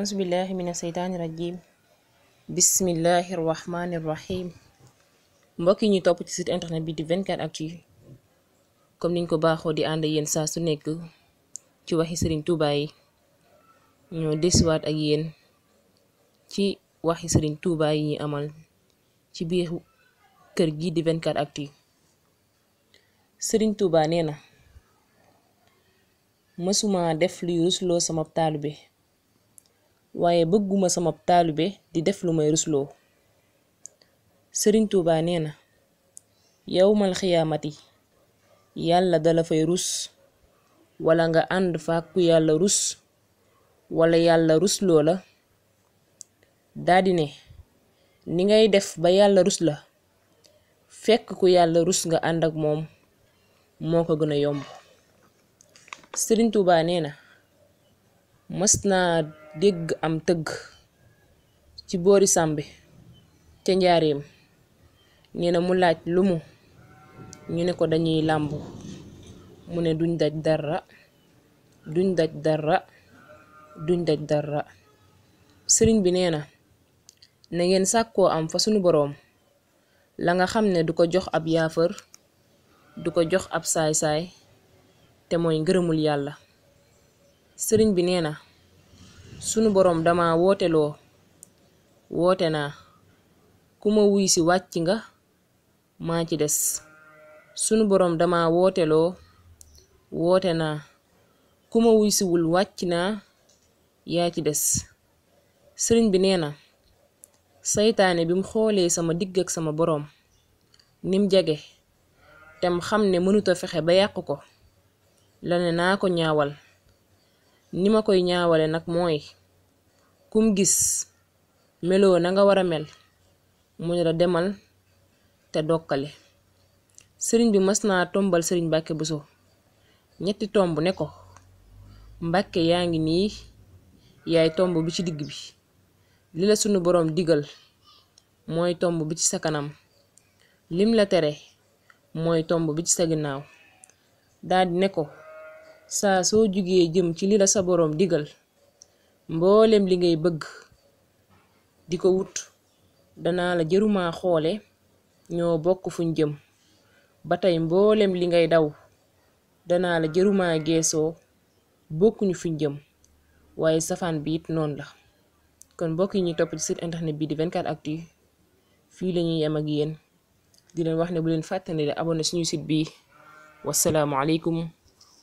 aousubillahi min asheytaani rajim bismillahi rrahmani rrahim mbokk yi ñu topp ci site internet bi di 24 actu comme niñ ko baaxoo di ànd yenn saa su nekk ci waxi sëriñ Touba yi ñoo desiwaat ak yéen ci waxi sëriñ Touba yi ñu amal ci biir kër gi di 24 actu sëriñ Touba nee na mësuma def luy rusloo sama taalibe bi waaye bëgguma sama taalibe di def lu may rusloo sëriñ tuuba nee na yowmal xiyaamati yàlla dala fay rus walla nga ànd fàkku yàlla rus wala yàlla rusloo la daldi ne ni ngay def ba yàlla rus la fekk ku yàlla rus nga ànd ak moom moo ko gën a yomb sëriñ tuuba nee na mës naa dégg am tëgg ci boori sàmbi ca njaareem nee na mu laaj lu mu ñu ne ko dañuy làmb mu ne duñ daj dara duñ daj dara duñ daj dara sëriñ bi nee na na ngeen sàkkoo am fa sunu boroom la nga xam ne du ko jox ab yaafër du ko jox ab saay-saay te mooy ngërëmul yàlla sëriñ bi nee na sunu borom dama wooteloo woote naa ku ma wuy si wàcc nga maa ci des sunu borom dama wooteloo woote naa ku ma wuy siwul wàcc naa yaa ci des sëriñ bi nee na seytaane bi mu xoolee sama digg ak sama boroom nim jege tem xam ne mënuta fexe ba yàq ko la ne naa ko ñaawal ni ma koy ñaawale nag mooy kum gis meloo na nga war a mel mu ne la demal te dokkale sëriñ bi mas naa tombal sëriñ Mbàkke bu so ñetti tomb ne ko Mbàkke yaa ngi nii yaay tomb bi ci digg bi li la sunu borom digal mooy tomb bi ci sa kanam lim la tere mooy tomb bi ci sa ginnaaw daldi ne ko saa soo jugee jëm ci li la sa boroom digal mbooleem li ngay bëgg di ko wut danaa la jëruma xoole ñoo bokk fuñ jëm ba tey mboolem li ngay daw danaa la jëruma geesoo bokkuñu fuñ jëm waaye safaan bi it noonu la kon mbokk yi ñuy topp ci site internet bi di 24actu fii la ñuy yem ak yéen di leen wax ne bu leen fàttane de abonné suñu site bi wasalaamualeykum